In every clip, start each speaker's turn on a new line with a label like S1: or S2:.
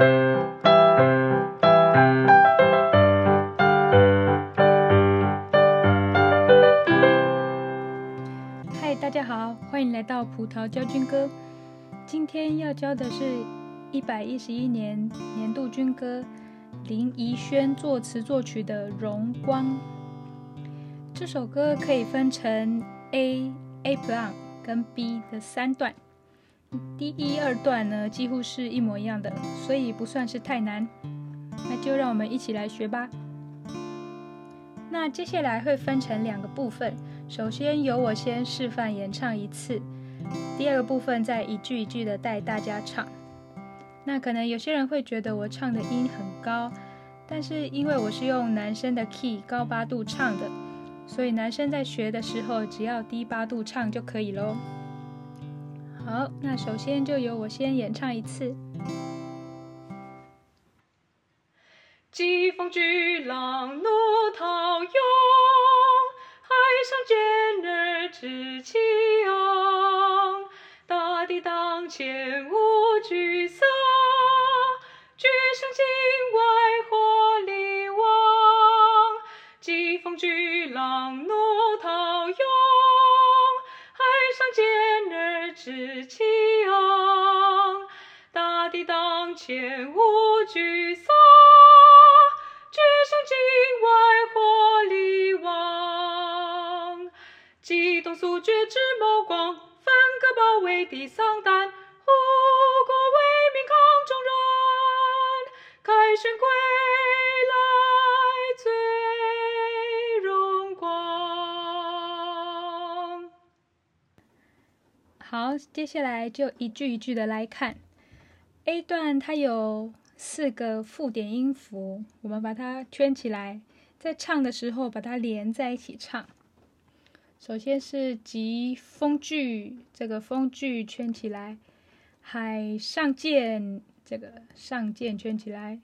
S1: Hi, 大家好，歡迎來到葡萄教軍歌。今天要教的是111年年度軍歌，林宜萱作詞作曲的《榮光》。這首歌可以分成 A、A 板跟 B 的三段。第一二段呢幾乎是一模一樣的，所以不算是太難。那就讓我們一起來學吧。那接下來會分成兩個部分，首先由我先示範演唱一次，第二個部分再一句一句的帶大家唱。那可能有些人會覺得我唱的音很高，但是因為我是用男生的 key 高八度唱的，所以男生在學的時候只要低八度唱就可以嘍。好，那首先就由我先演唱一次。
S2: 急風巨浪怒濤湧，海上健兒志氣昂。大敵當前無懼色，決勝境外火力旺。急風巨浪怒濤湧，海上健兒。志氣昂，大敵當前無懼色，決勝境外火力旺，機動速決智謀廣，分割包圍敵喪膽。
S1: 好，接下來就一句一句的來看。A 段它有四個附點音符，我們把它圈起來，在唱的時候把它連在一起唱。首先是急風巨，這個風巨圈起來；海上健，這個上健圈起來；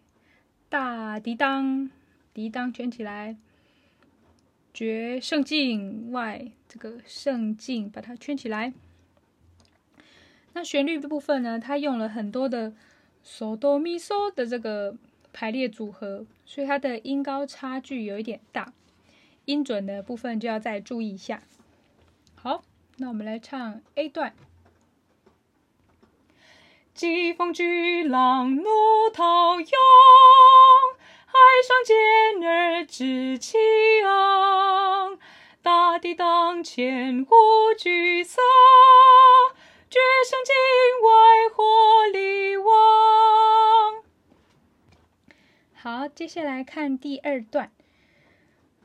S1: 大敵當，敵當圈起來；決勝境外，這個勝境把它圈起來。那旋律的部分呢？它用了很多的索哆米索的這個排列組合，所以它的音高差距有一點大，音準的部分就要再注意一下。好，那我們
S2: 來唱 A 段。急風巨浪怒濤湧，海上健兒志氣昂，大敵當前無懼色。
S1: 好，接下來看第二段。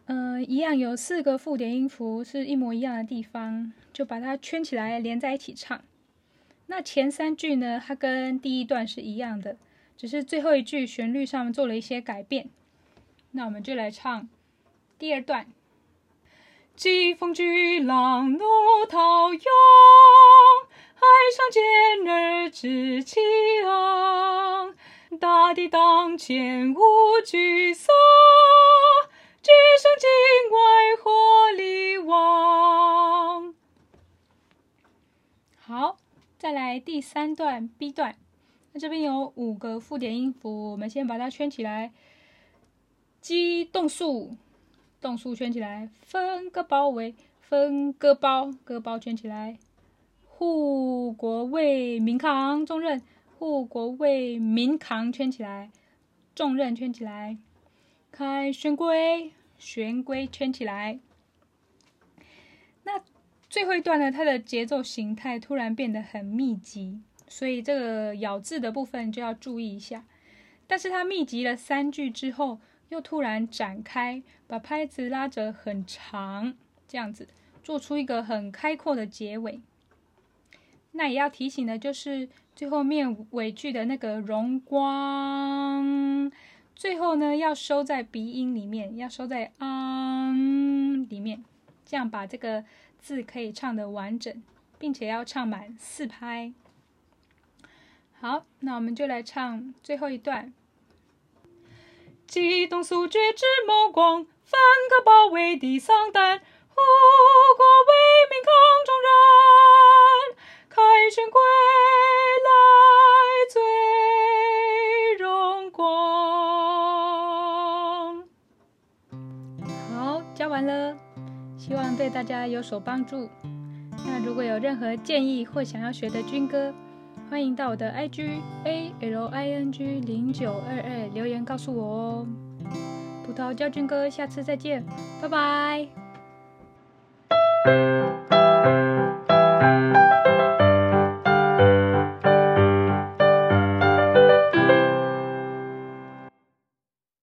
S1: 嗯、呃，一樣有四個附點音符是一模一樣的地方，就把它圈起來連在一起唱。那前三句呢，它跟第一段是一樣的，只是最後一句旋律上做了一些改變。那我們就來唱
S2: 第二段：急風巨浪怒濤湧，海上健兒志氣，大敵當前無懼色，決勝境外火力旺。
S1: 好，再來第三段 B 段。那這邊有五個附點音符，我們先把它圈起來。機動速，動速圈起來，分割包圍，分割包，割包圈起來，護國衛民扛重任。故國為民，扛圈起來，重任圈起來，開旋龜，玄龜圈起來。那最後一段呢？它的節奏形態突然變得很密集，所以這個咬字的部分就要注意一下。但是它密集了三句之後，又突然展開，把拍子拉的很長，這樣子做出一個很開闊的結尾。那也要提醒的就是。最後面尾句的那個榮光，最後呢要收在鼻音裡面，要收在昂裡面，這樣把這個字可以唱的完整，並且要唱滿四拍。好，那我們就來
S2: 唱最後一段：機動速決智謀廣，分割包圍敵喪膽。
S1: 完了，希望對大家有所幫助。那如果有任何建議或想要學的軍歌，歡迎到我的 IG A L I N G 0 9 2 2留言告訴我哦。葡萄教軍歌，下次再見，拜拜。